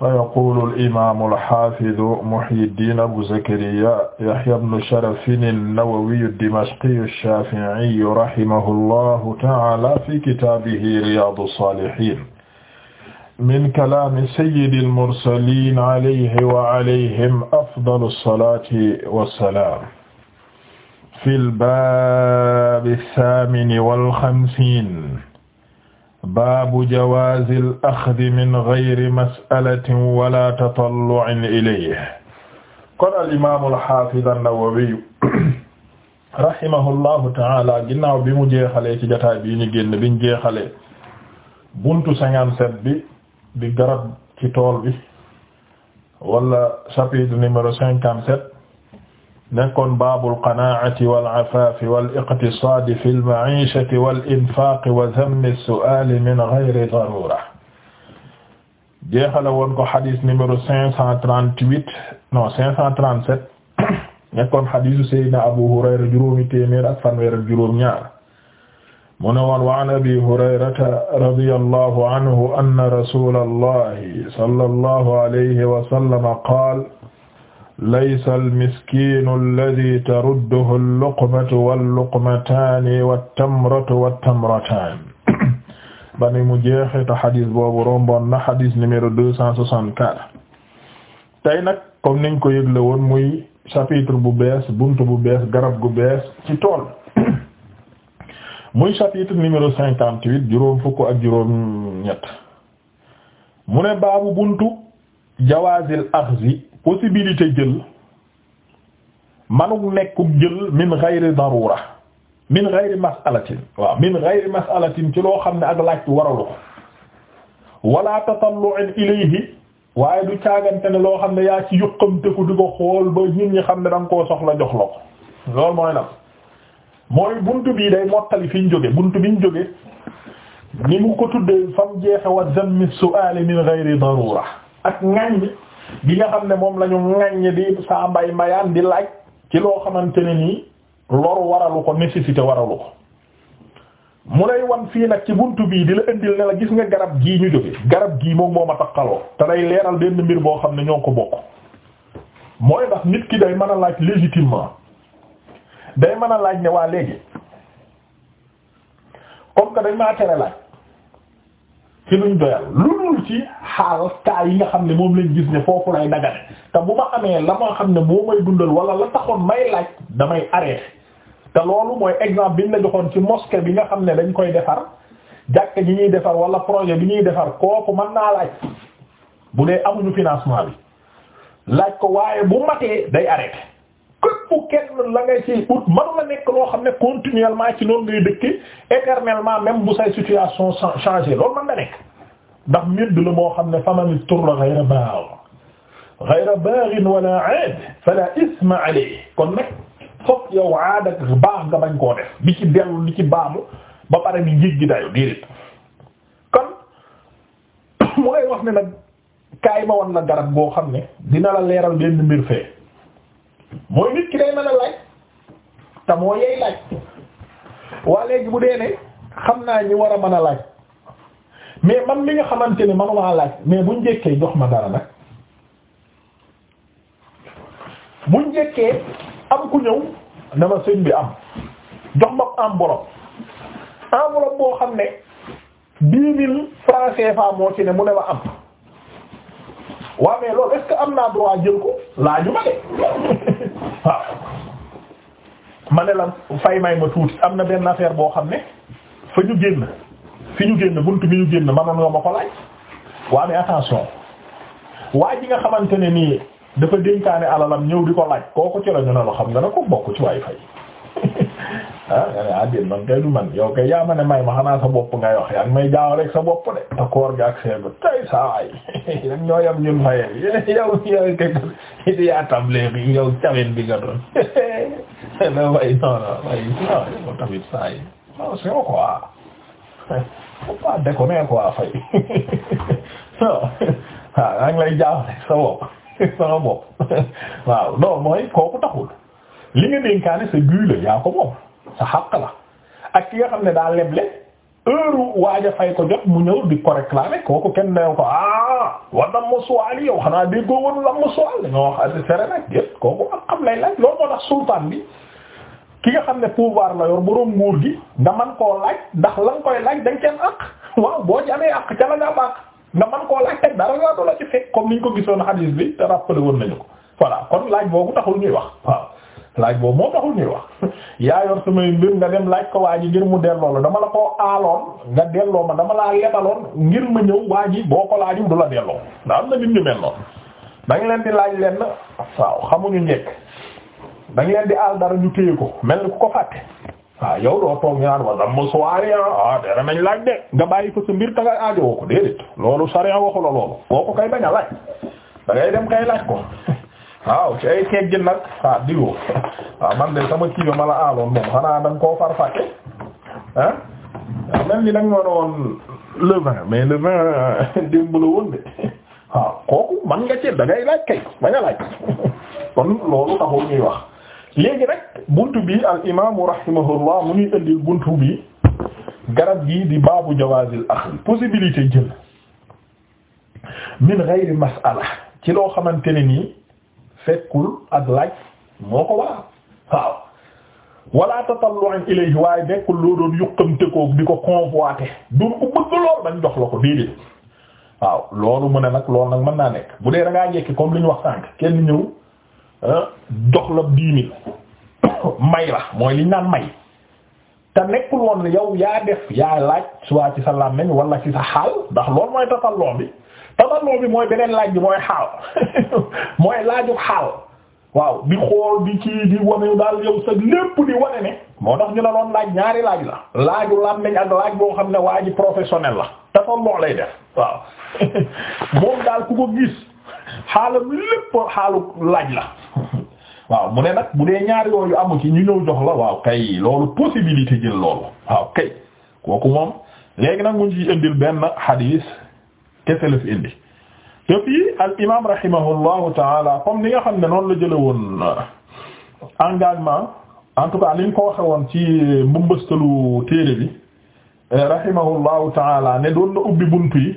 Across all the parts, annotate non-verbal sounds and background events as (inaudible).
فيقول الإمام الحافظ محي الدين أبو زكريا يحيى بن شرف النووي الدمشقي الشافعي رحمه الله تعالى في كتابه رياض الصالحين من كلام سيد المرسلين عليه وعليهم أفضل الصلاة والسلام في الباب الثامن والخمسين baabu jawaazil axdi min gayri mas'alatin wala tatallu'in ilayhi kon al imaam al xaafid an-Nawawi (coughs) rahimahullahu ta'ala ginnaaw bi mu jeexalee ci jotaay bii ñu génn bi ñu jeexalee buntu cinquante-sept bi di garab ci tool bi wala chapitre numéro cinquante-sept nekkoon baabul qanaa'ati wal afaafi wal iqtisaadi fil ma'iishati wal infaaqi wa zamni su'aali min ghayri daruura jeexale woon ko xadis numéro cinq cent trente-huit non cinq cent trente-sept (coughs) nekkoon xadisu Seydina Abu Hurayra juróomi téeméer ak fanweer ak juróom ñaar mu ne woon wa an abi hurayrata radiyallahu anhu anna rasuulallahi sallallahu alayhi wa sallam qaala laysa almiskinu alladi tarudduhu alluqmatu walluqmataani wattamratu wattamrataan (coughs) bani mu jeexita xadis boobu romboon na xadis numéro deux cent soixante-quatre tey nag comme niñ ko yëgle woon muy chapitre bu bunt bu bees garab gu bees ci tool (coughs) muy chapitre numéro cinquante fukk ak juróom ñett mu ne baabu buntu jawaazil axzi possibilité jël manug nekkug jël min ghayri darura min ghayri mas'alatin waaw min ghayri mas'alatin ci loo xam ne ak laaj waralu ko wala tatallu'in ilayhi waaye du caagante ne loo xam ne yaa ci yuqamte ko di ko xool ba nit ñi xam ne da koo soxla jox la ko loolu mooy nag mooy buntu bii day mottali fi ñu jóge bi ñu jóge ni mu ko tuddee fam jeexe wa zammi su'al min ghayri darura ak ngañ gi nga xam ne moom lañu ñu ŋaññe di saa mbay mbayaan di laaj ci loo xamante ne nii loru waralu ko nécessité waralu ko mu lay wan fii nag ci buntu bii di la indil ne la gis nga garab gii ñu jóge garab gii moom moo ma takkaloo te day leeral benn mbir boo xam ne ñoo ko bokk mooy ndax nit ki day mën a laaj légitimement day mën a laaj ne waa léegi comme que dañ maa tere laaj ci luñ doyal lu dul ci xaal kaa yi nga xam ne moom lañ gis ne foofu lay dagane te bu ma amee la ma xam ne boo may dundal wala la taxoon may laaj damay arrêté te loolu mooy exemple bi ñu la ci mosquée bi nga xam ne dañ koy defar jàkka ji ñuy defar wala projet bi ñuy defar kooku man naa laaj bu dee amuñu financement bi laaj ko waaye bu matee day arrêté képp kenn la ngay ciy ut mën la nekk loo xam ne continuellement ci loolu ngay dëkk éternellement même bu say situation changé loolu mën na nekk. ndax medd la moo xam ne faman turra ghayra baagh ghayra baaghin wala aad fala isma alayhi kon nag fokk yow aad ak baax nga bañ koo def bi ci dellu li ci baamu ba pare bi jéggi dayo déedéet kon (coughs) mu lay wax ne nag kaay wan la garab goo xam ne dina la leeral benn mbir fee mooy nit ki day mën a laaj te moo yey laaj waa léegi bu dee ne xam naa ñi war a mën a laaj mais man li nga xamante ne manumaa laaj mais bu buñ njëkkee jox ma dara nag buñ njëkkee am ku ñëw dama sëñ bi am jox ma enveloppe enveloppe boo xam ne dix mille francs CFA moo ci ne mu ne ma am waaw mais loolu est-ce am naa droit jël ko laaju ma de (laughs) waaw ma ne la fay may ma tuuti am na benn affaire boo xam ne fa ñu génn. fi ñu génn bunt bi ñu génn manoon yoo ma ko laaj waa mais attention waa ji nga xamante ne nii dafa dénkaane alalam ñëw di ko laaj kooku ci la ñu ne xam nga ne ko bokk ci waay (laughs) fay ah nga ne ah déet man kay du man yow kay yaa ne may ma xanaa sa bopp ngay wax yaa may jaaw sa bopp de te koor gi ak seegu tay saa waay dag (laughs) ñoo yam ñun fayee (laughs) yow yow kay di yaa tableer yi yow cawin bi nga doon la way non way non yow tamit saa yi non faut pas déconner quoi fay waaw waaw yaa ngi lay (laughs) jaaxle sa bopp (laughs) sa bopp waaw mooy kooku taxul li nga dénkaane sa guy la yaa ko moom sa xàq la ak ne daa leble heure waaja fay ko jot mu ñëw di ko réclamer kooku kenn neew ko ah war mu suwaal yow xanaa déggoo woon la mu suwaal dañoo wax affaire nag yëpp kooku am lay laaj loolu moo tax sultaan bi. ki nga xam ne pouvoir la yor boroom nguur gi nga man koo laaj ndax la koy laaj da nga ceen àq waaw boo ci amee àq ca la ngaa baax nga man koo laaj teg dara laa dola ci fekk comme ko gisoon hadis bi te rappelé woon nañu ko voilà kon laaj boobu taxul ñuy wax laaj boobu moo taxul ñuy wax (laughs) yaa yor samay mbir nga dem laaj ko waa ji ngir mu delloo la dama la ko aaloon nga delloo ma dama laa lebaloon ngir ma ñëw waa ji boo ko laajum du la delloo nda am na nit ñu mel noonu da leen di laaj lenn waaw xamuñu njekk da ngeen di aal dara ñu téye ko mel ni ko fàtte waaw yow doo toog ñu naan wa damm soirée ah, ah dara de nga bàyyi fa sa mbir ta nga aajowoo ko loolu sariya waxu loolu kooku kay bañ a dem kay laaj ko (laughs) waaw ci ay keeg gi nag ah diwoo (laughs) waaw man de sama kii ma la aaloon moom xanaa da nga koo far fàtte ah mel ni da nga waroon le vin mais le vin euh, (laughs) démb la kooku man nga ci da ngay laaj kay bañ a laaj wax. léegi rek buntu bi al imaamu rahimahullah mu ngi indil buntu bi garab gi di baabu jawaazil axli possibilité jël min ghayri mas'ala ci loo xamante ne nii fekkul ak laaj moo ko waral waaw wala tatallu'an ilayhi waaye nekkul loo doon yuqamte ko di ko convoiter doon ko bëgg lool dañ jox la ko déedéet waaw loolu mu ne nag loolu nag mën naa nekk bu dee da ngaa njëkk comme li ñu wax sànq kenn ñëw. jox ah, la dix mille may la mooy liñ naan may te nekkul woon yow yaa def yaa laaj soit ci sa làmmiñ wala ci sa xaal ndax loolu mooy tasalloo bi tasalloo bi mooy beneen laaj bi mooy xaal (laughs) mooy laaju xaal waaw di xool di ci di wane daal yow sa lépp di wane ne moo tax ñu la doon laaj ñaari laaj la laaju làmmiñ ak laaj boo xam ne waa ji professionnel la tasalloo lay def waaw (laughs) moom daal ku ko gis xaalam lépp xaalu laaj la (laughs) waaw mu ne nag bu dee ñaar yooyu amu ci ñu ñëw jox la waaw kay loolu possibilité jël loolu waaw kay kooku moom léegi nag mu ngi ciy indil benn xadiis kese la fi indi te fii al imaam rahimahullahu taala comme ni nga xam ne noonu la jële woon engagement en tout cas liñ ko waxe woon ci mbumbastalu téere bi rahimahullahu taala ne doon na ubbi bunt yi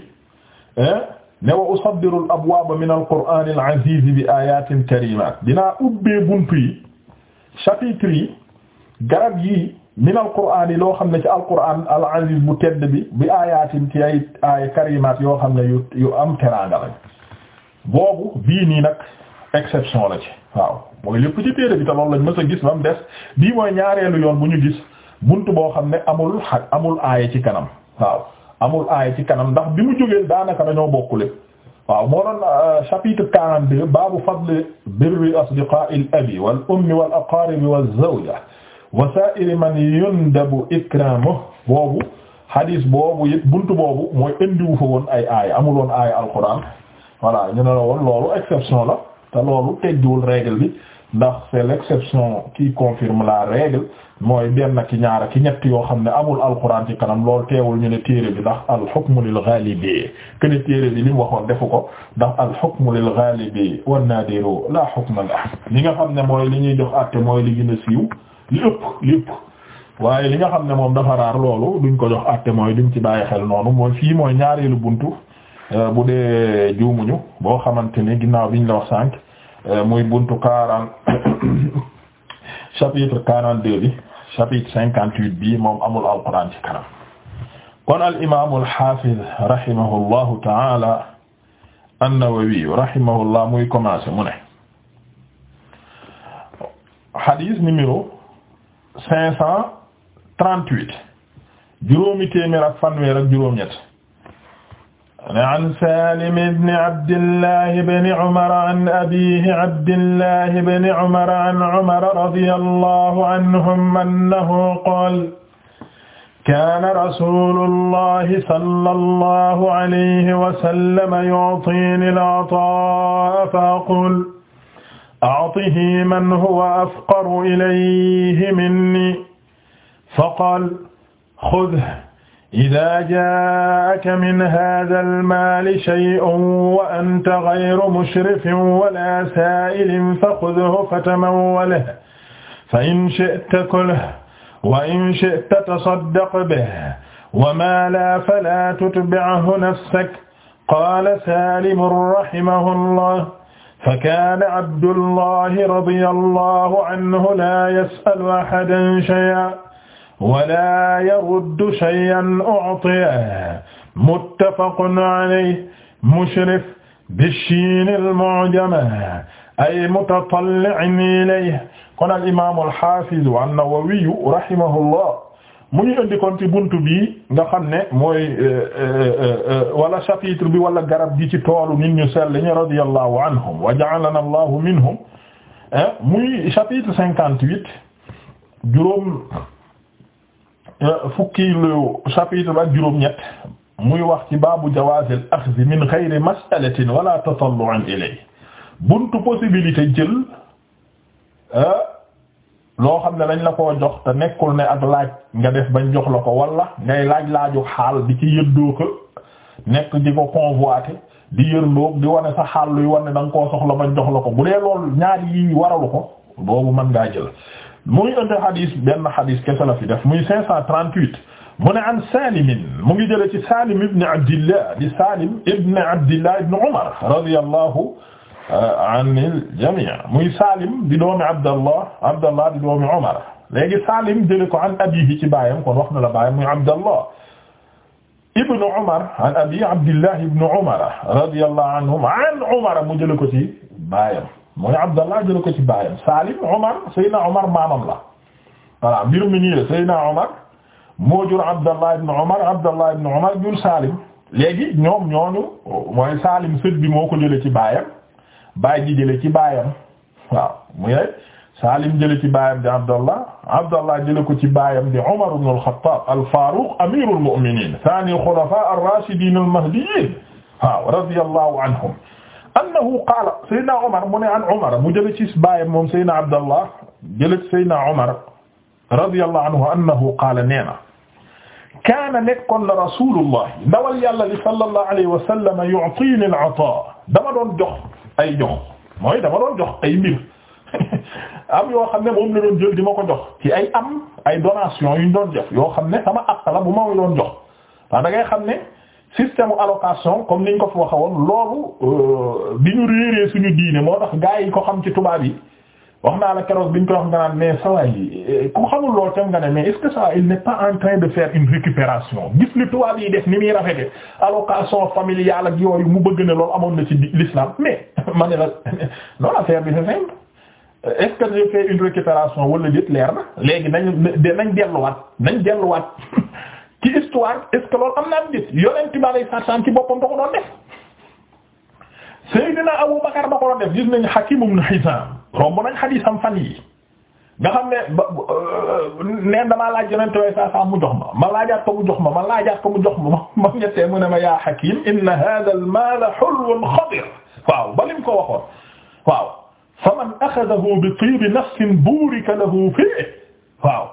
ne wa usabbiru al abwaaba min al al aziz bi ayatin karimaat dinaa ubbee buntu yi chapitre yi garab yi min al loo xam ne ci al qur'aan al aziz bu tedd bi bi ayatin ci ay ay yoo xam ne yu am teraanga lañ boobu bii nii nag exception la ci waaw mooy lépp ci téere bi te loolu lañ mës gis ba mu des mooy ñaareelu yoon bu ñu gis buntu boo xam ne amul xaj amul ci kanam amul aay ci kanam ndax bi mu jógee daanaka dañoo bokk lépp waaw moo doon euh, chapitre 42 baabu fadli birri asdiqaa'il abi wal ummi wal aqaaribi waz zawja wa man yundabu ikraamuhu boobu hadis boobu it buntu boobu mooy indiwu fa woon ay aaya amul woon aaya alquran voilà ñu ne la woon loolu exception la te loolu teggiwul règle bi ndax c'est l'exception qui confirme la règle mooy benn ki ñaar ki ñett yoo xam ne amul alquran ci kanam loolu teewul ñu ne téere bi ndax alxukmu lil ghalibi kene téere bi li mu waxoon defu ko ndax alxukmu lil ghalibi wan nadiru la hukma la li nga xam ne mooy li ñuy jox àtte mooy li gën a siiw li ëpp li ëpp waaye li nga xam ne moom dafa raar loolu duñ ko jox àtte mooy duñ ci bàyyi xel noonu mooy fii mooy ñaareelu buntu euh, bu dee juumuñu boo xamante ni ginnaaw biñ la wax sànq euh, muy buntu kaaraan (coughs) chapitre 42 bi chapitre moom amul alquran ci kanam kon al imaam al haafiz rahimahullahu ta'ala an-Nawawi rahimahullah muy commencé mu ne hadith numéro 538 juróomi téeméer ak fanweer ak juróom-ñett an Salim ibn Abdillah ibn Umar an abiihi Abdillah ibn Umar an Umar radiyallahu anhum annahu qaala kaana rasuulullahi sallallahu alayhi wa sallam yu'tiini al-'ataa'a fa-aqulu a'tihi man huwa afqaru ilayhi minni fa qaala khudhhu ida jaaka min hada almaali shay'un wa anta ghayru mushrifin wala saa'ilin faxudhu fatamawwalahu fa in shi'ta kulhu wa in shi'ta tasaddaq bihi wa maa laa falaa tutbi'hu nafsaka qaala saalimun rahimahullah fakaana abdullahi radiyallahu anhu laa yas'alu ahadan shay'an wala yaruddu shay'an u'tiya muttafaqun alayhi mushrif bishiin al-mu'jama ay mutatalli'in ilayhi kon al imaam al-haafiz an-Nawawi rahimahullah mu ngi indi kon ci buntu bi nga xam ne mooy euh, euh, euh, wala chapitre bi wala garab gi ci toolu nit ñu sell ñi radiyallahu anhum wa ja'alana Allahu minhum muy chapitre cinquante-huit juróom fukkilu chapitre ak juróom-ñett muy wax ci baabu jawaazil axdi min xayri mas'alatin wala tatallu'in ilay buntu possibilité jël euh, loo xam ne dañ la ko jox te nekkul ne ak laaj nga def bañ jox la ko walla ngay laaj laaju xaal di ci yëddoo nekk di ko convoité di yërloog di wane sa xaal luy wane da nga koo soxla bañ jox la ko bu dee loolu ñaar yi waralu ko boobu mën ngaa jël mu ngi ëndi xadis benn xadis kese la fi def muy 538 mu ne an Salim mu ngi jëlee ci Salim ibn Abdillah di Salim ibn Abdillah ibn Umar radiyallahu uh, anil jamii muy Salim di doomi Abdallah Abdallah di doomi Umar léegi Salim jëlee ko an abiihi ci baayam kon wax na la baayam muy Abdallah ibn Umar an abiihi Abdillah ibn Umar radiyallahu anhum an Umar mu jëlee ko ci baayam mooy Abdallah jëla ko ci baayam Salim Omar Seydina Omar maamam la voilà mbir mi nii la Seydina Omar moo jur Abdallah ibn Omar Abdallah ibn Omar jur Salim léegi ñoom ñooñu mooy Salim sët bi moo ko jële ci baayam baay ji jële ci baayam waaw muy rek Salim jële ci baayam di Abdallah Abdallah jële ko ci baayam di Omar ibn al-Khattab al-Faruq amirul mu'minin thani khulafa ar-rashidin al-mahdiyyin waaw radiyallahu anhum annahu qaala Seydina Omar mu ne an Omar mu jëlee ci baayam moom Seydina Abdallah jëlee ci Seydina Omar radiyallahu anhu annahu qaala nee na kaana nekkoon la rasulullah ndawal yàlla li sallallahu alayhi wa sallam yu'tiini al-'ataa dama doon jox ay jox mooy dama doon jox ay mbir (laughs) am yoo xam ne moom la doon jël di ma ko jox ci ay am ay donation yu ñu doon jox yoo xam ne sama àq la bu ma doon jox da ngay xam ne. système allocation comme ni ñu ko fi waxewoon loolu euh, bi ñu réeree suñu diine moo tax gaa yi ko xam ci tubaab yi wax naa la bi ñu ko wax nga naan mais sawaay yi euh, ku xamul loolu tam nga ne mais est-ce que en train de faire une récupération gis li tubaab yi def ni muy rafete allocation familiale ak yooyu mu bëgg ne loolu amoon na ci l'islam mais (laughs) ma ne la (laughs) non affaire bi c'est simple euh, est-ce que une récupération wala jët leer na léegi nañ nañ delluwaat nañ delluwaat (laughs) histoire est-ce que loolu am na am gis yonent bi alayhi salaam ci boppam da ko doon def Seydina Abu Bakar da ko doon def gis nañ Hakim ibn Hizam romb nañ xadiisam fan yi nga xam ne ba euh, neen damaa laaj yonent bi saa saa mu jox ma ma laajaat ko mu jox ma ma laajaat ko mu jox ma ma ma ñettee mu ne ma yaa Hakim inna hadha al-mal hulwun khadir waaw ba lim ko waxoon waaw faman akhadahu bi tib nafsin burika lahu fihi waaw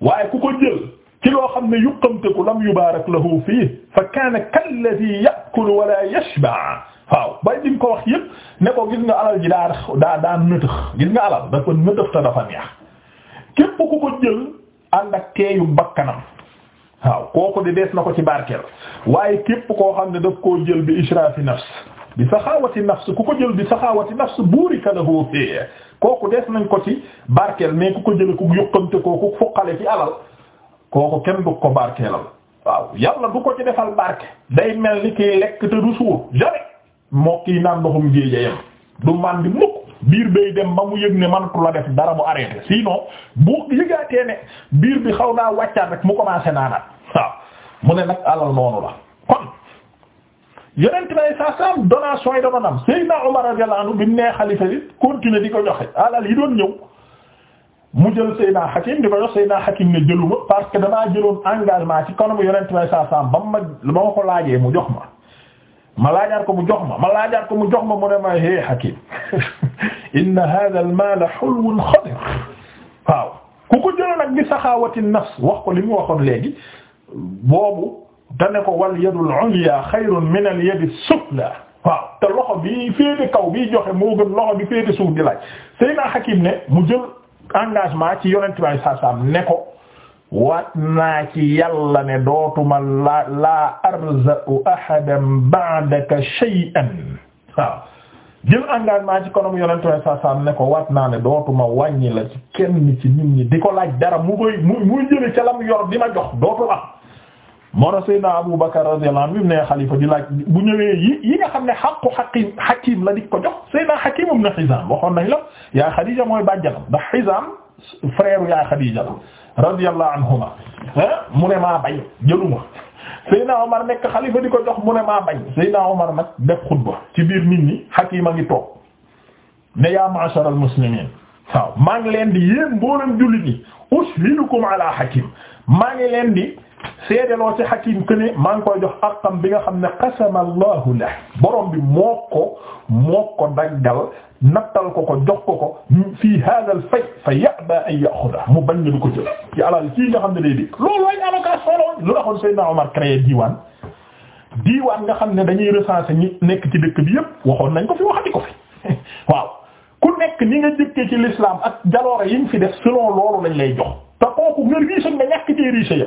waaye ku ko jël ci loo xam ne yuqamteku lam yubaarak lahu fii fa kaana kalladhi ya'kulu wa la yashba waaw bay di nga ko wax yëpp ne ko gis nga alal ji daa daa daa nëtëx gis nga alal dafa nëtëx te dafa neex képp ku ko jël ànd ak teeyu bakkanam waaw kooku di dees na ko ci barkeel waaye képp koo xam ne daf koo jël bi israfi nafs bi saxaawati nafs ku ko jël bi saxaawati nafs buurika lahu fii kooku dees nañ ko ci barkeel mais ku ko jële ku yëkkante kooku foqale ci alal kooku kenn du ko barkeelal waaw yàlla du ko ci defal barke day mel ni kiy lekk te du suur jamais moo kii naan ndoxum géeja yem du man mukk biir bay dem ba mu yëg ne manatu la def dara mu arrêté sinon bu yëgaatee ne biir bi xaw naa wàccaat rek mu commencé naanaat waaw mu ne nag alal noonu la kon yonent bay saa saam donation yi dama nam Seydina Umar radiyallahu anhu bi mu nee continuer di ko joxe alal yi doon ñëw mu jël Seyna Hakim di ko jox Seyna Hakim ne jëluma parce que damaa jëloon engagement ci kanamu yonent may ma ba ma laajee mu jox ma ma ko mu jox ma ma laajaat ko mu jox ma mu ne ma hé Hakim (laughs) inna hadha al-mal hulwun khadir waaw ku ko jëloon ak bi saxaawati nafs wax ko li mu waxoon léegi boobu dane ko wal yadul ulya xayrun min al yadi sufla te loxo bi féete kaw bi joxe moo gën loxo bi féete suuf di laaj Seyna ne mu jël engagement ci yonent bi saa saa ne ko waat naa ci yàlla ne dootuma la laa arza'u ahadan ba'daka shay'an waaw jël engagement ci kanam yonent bi saa saa ne ko waat naa ne dootuma wàññi ci kenn ci nit ñi di ko laaj dara mu koy mu muy jële ca lam yor di ma jox dootul am moro Seydina Abu Bakar radiyallahu anhu ne xalifa di laaj bu yi yi nga xam ne xaqu xaqim la di ko jox Seydina Hakim ibn Hizam waxoon na la yaay Xadiija mooy bàjjanam ndax Hizaam frère yaay Xadiija la radiyallahu anhuma mu ne maa bañ jëluma Seydina Omar nekk xalifa di ko jox mu ne maa bañ Seydina Omar nag def xutba ci biir nit ñi Hakiima ngi toog ne yaa ma'sharal muslimiin waaw maa ngi leen di yéen mbooleem jullit ñi ushilukum ala Hakiim maa ngi leen di loo ci hakim que maa ngi koy jox akam bi nga xam ne qasama allahu la borom bi moo ko moo ko daggal nattal ko ko jox ko ko fii hada al fay ya yaba an yaxuda mu bañ na du ko jël ci alal ci nga xam ne day dégg loolu way allocation lool lu taxoon Seydina Omar créé diiwaan diiwaan nga xam ne dañuy recenser ñi nekk ci dëkk bi waxoon nañ ko fi waxati ko (laughs) waaw ku nekk ni nga jëkkee ci l'islam ak jaloore yi nga fi def selon lañ lay jox te kooku nga riche nga ñàkk ci riche ya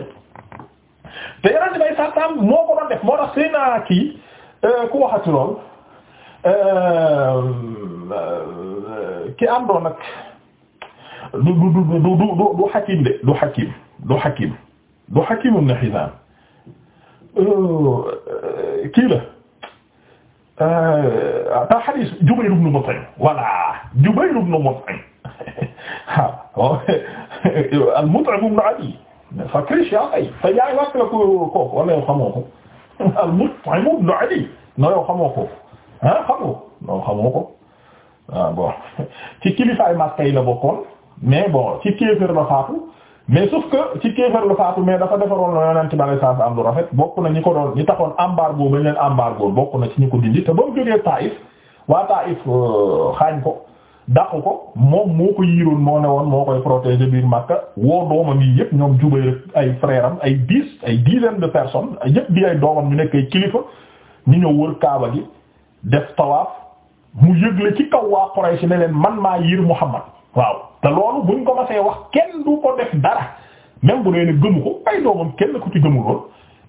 te yonent bay sàttaam moo ko doon def moo tax seen kii euh, ku waxati lool euh, ki àndoon nag du du du du du du Hakim de du Hakim du Hakim du Hakim ibn Hizam euh, kii la ta hadith Jubayr ibn Mut'im voilà Jubayr ibn Mut'im (laughs) waaw (laughs) al-Mut'im ibn Ali fa Christian ay sa yaay wàcc la ko kooku wala yow xamoo ko (laughs) al Mut'im ibn Ali no yow xamoo ko ah xamoo non xamoo ko ah bon (laughs) ci kilifaay Makka yi la bokkoon mais bon ci kéefër la faatu mais sauf que ci kéefër la faatu mais dafa defaroon la Yonent bi alayhi salaatu am lu rafet bokk na ñi ko doon ñi taxoon embargo ba ñu leen embargo bokk na ci ñi ko dindi te ba mu jógee Taïf waa Taïf euh, xaañ ko. dàqu ko moom moo ko yiiroon moo ne woon moo koy protéger biir Makka woo doomam yi yëpp ñoom jubay rek ay frère am ay dix ay dizaine de personnes yëpp di ay doomam ñu nekk ay kilifa ñu ñëw wër Kaaba gi def tawaaf mu yëgle ci kaw waa Quraysh ne leen man maa yiir Muhammad waaw te loolu buñ ko masee wax kenn du ko def dara même ne gëmu ko ay doomam kenn ku ci gëmu lool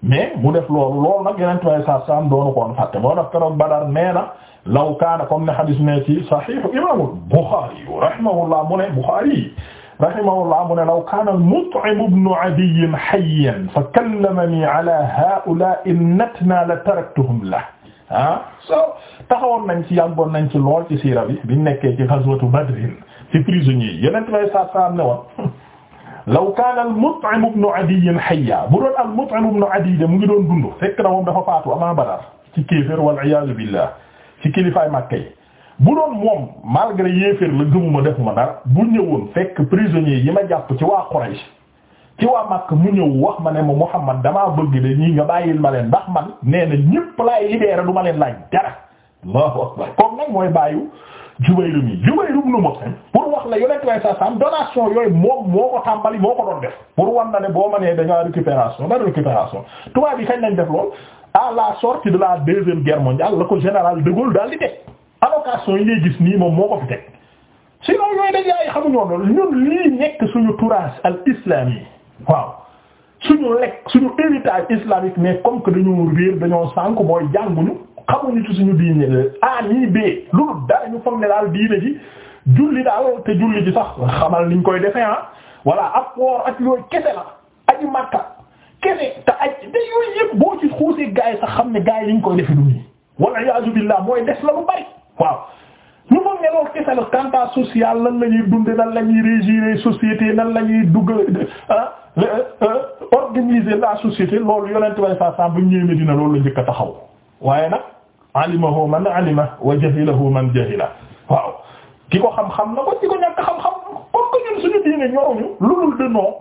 mais mu def loolu loolu nag yeneen tubaab yi saa saa doonu ko fàtte boo def keroog law kaana comme ne hadis ne ci sahihu imamul Bukhari rahimahullah mu ne Bukhari rahimahullah mu ne law kaana al-Mut'im ibn Adiy hayyan fa kallamani ala haa'ulaa'i an-natnaa la taraktuhum lahu ah so taxawoon nañ ci yàggoon nañ ci lool ci siira bi biñ nekkee ci ghazwatu Badr ci prisonniers yi yeneen lay saa saa am ne woon (laughs) law kaana al-Mut'im ibn Adiy hayyan bu doon al-Mut'im ibn Adiy mu ngi doon dund fekk na moom dafa faatu avant Badar ci kéefër wal-'iyaadu billah ci kilifaay Makka yi bu doon moom malgré yéeféer la gëmuma defuma dara bu ñëwoon fekk prisonnier yi ma jàpp ci waa Quraysh ci waa Makka mu ñëw wax ma ne ma Muhammad damaa bëgg de ñii nga bàyyil ma leen ndax man nee na ñépp laay libéré du ma leen laaj dara Allahu akbar kon nag mooy bàyyu Jubayru mi Jubayru nu Mut'im pour wax la yonent way sa sam donation yooyu moom moo ko tàmbali moo ko doon def pour wan na ne boo ma nee dañoo récupération dara récupération tubaab yi kañ à la sorti de la deuxième guerre mondiale la ko général de Gaulle daal di yi ngay gis nii moom moo ko fi teg sinon yooyu dañ yaay xamuñoo noonu ñun nekk suñu turas al islami waaw suñu lekk suñu héritage islamique mais comme que dañoo réer dañoo sànk mooy jànguñu xamuñu ci suñu diine a nii b loolu dara ñu foog ne daal diine ji julli daal te julli ji sax xamal niñ koy defee ah voilà ak woor ak yooyu kese la aji Makka kene te aj da yooyu yëpp boo ci xuusee xam ne gaa yi liñ koy defe duñu wal iyaazu billah mooy des la lu bari waaw ñu moom ne loolu kese la quant social nan la dunde nan la ñuy société nan la dugg ah, euh, euh, organiser la société loolu yonent way sa sa bu ñëwee Medina loolu la njëkk a taxaw waaye nag alimahu man alima jahilahu man jahila waaw ki ko xam-xam na ko ci ko ñàkk xam-xam comme que ñun suñu diine ñoruñu lulul de non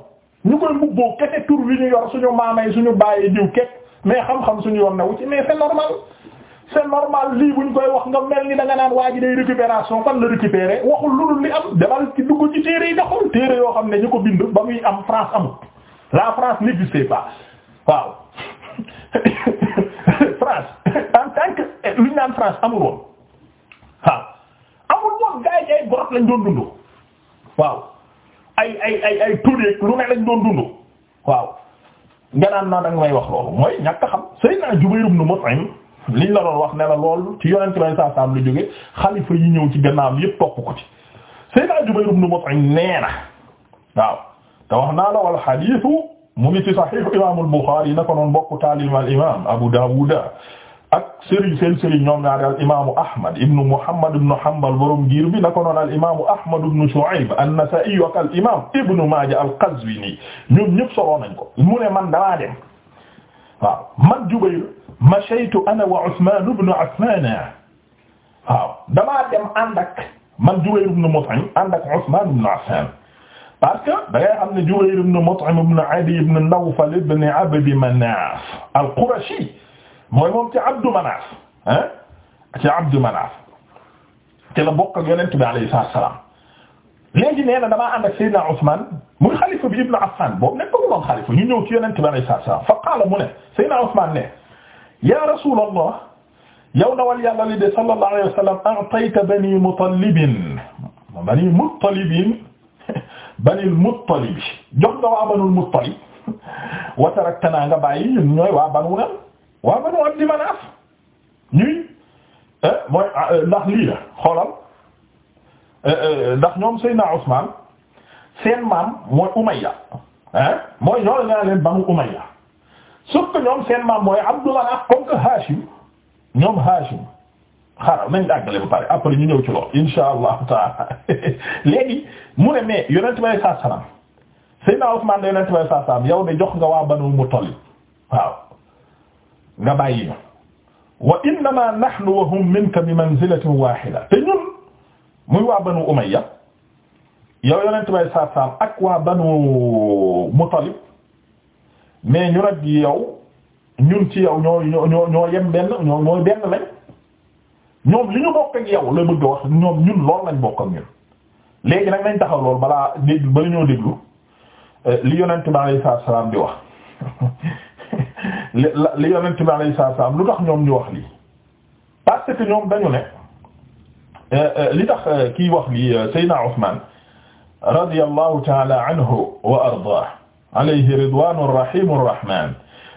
ñu koy mbubboo kese tur wi ñu yor suñu maama yi suñu bàyyi diw kekk mais xam-xam suñu yoon na wu ci mais c'est normal c'est normal lii buñ koy wax nga mel ni da nga naan waa ji day récupération fan la récupérer waxul lu dul li am demal ci dugg ci téere yi nga xool téere yoo xam ne ñu ko bind ba muy am France amut la France n'existe pas waaw (laughs) France en tant que naan France amul woon waaw amul woon gars yi ay lañ doon dund waaw. ay ay ay ay tuddee lu ne lañ doon waaw nga naa danga may wax loolu mooy ñàkk xam Seydina Jubayr ibn Mut'im liñ la doon wax nela la ci yonent bay saa saam lu jóge xalifa yi ñëw ci gannaaw yépp topp ko ci Seydina Jubayr ibn Mut'im nee na waaw te wax naa la wal xadiisu mu ngi ci saxiix imaamul Buxaari na ko noon bokk taalim al Abu Daawuda ak sëriñ seen sëriñ ñoom ñaari al imaamu Ahmad ibnu Muhammad ibnu Hanbal borom giir bi na ko noon al imaamu Ahmad ibnu Shu'ayb an-Nasa'i ak al imaam ibnu Maaja al-Qazwini ñoom ñëpp soloo nañ ko mu ne man damaa dem waaw man Jubayr mashaytu ana wa Usmaan ibnu Affaan waaw damaa dem ànd ak man Jubayr ibnu Mut'im ànd ak Usmaan ibnu Affaan parce que da ngay xam ne Jubayr ibnu Mut'im ibnu Adiy ibnu Nawfal ibnu Abdi Manaaf al-Qurashi mooy moom ci Abdu Manaaf hein ci Abdu Manaaf te la bokk ak yonent bi alayhi salaam léegi nee na damaa ànd ak Seydina Ousmane muy xalifa bi Ibn Affan boobu nekk ko woon xalifa ñu ñëw ci yonent bi alayhi salaam fa qaala mu ne Seydina Ousmane ne yaa Rasuulallah yow dawal yàlla li de sallallahu alayhi wa sallam a'tayta bani Mutallibin bani Muttalibin (laughs) bani Muttalib jox nga waa banul Muttalib (laughs) wa taraktana nga bàyyi ñun ñooy waa banu na waa banu Abdi Manaaf ñuy eh, mooy ah, eh, ndax lii la xoolal eh, ndax ñoom Seydina Usmaan seen maam mooy Umayya ah mooy ñoo la leen banu Umayya sauf que ñoom seen maam mooy Abdu Manaaf comme que Haashim ñoom Haashim xaaral nañ dàggale ba pare après ñu ñëw ci lool insha allahu taala (laughs) léegi mu ne mais yonent bay saa salaam Seydina Usmaan da yonent bay saa salaam yow de jox nga waa banu Muttalib waaw nga bàyyi ñu wa innama nahnu wa hum minka bi manzilatin wahida te ñun muy waa banu umayya yow yonent ak waa banu mutalib mais ñu nag yow ñun ci yow ñoo ñoo ñoo yem benn ñoo ñooy benn lañ ñoom li ñu bokk ak yow la bëgg wax ñoom ñun lool lañ bokk ak ñun léegi nag nañ taxaw lool balaa dégg bala ñoo déglu eh, li yonent bi alayhi salaam di wax (laughs) li li yonent bi alayhi salaam ñoom ñu wax lii parce que ñoom dañu ne euh, euh, li tax euh, kiy wax lii Seydina Usmaan radiyallahu ta'ala anhu wa ardaah alayhi ridwaanu rahiimu rahmaan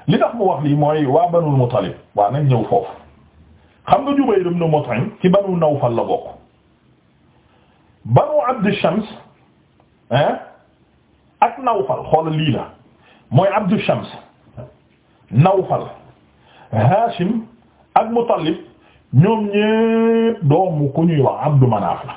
li tax mu wax lii mooy waa Banul Muttalib waa nañ ñëw foofu xam nga Jubayr ibn Mut'im ci Banu Nawfal la bokk Banu Abd Shams ah ak Nawfal xoolal lii la mooy Abd Shams Nawfal Hashim ak Mutallib ñoom ñépp doomu ku ñuy wax Abdu Manaaf la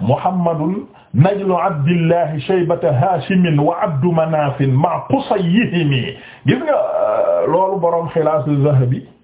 Muhammadun najlu Abdillahi shaybata Haashimin wa Abdu Manaafin ma Qusayhimi gis nga euh, loolu boroom Xilaas az-Zahabi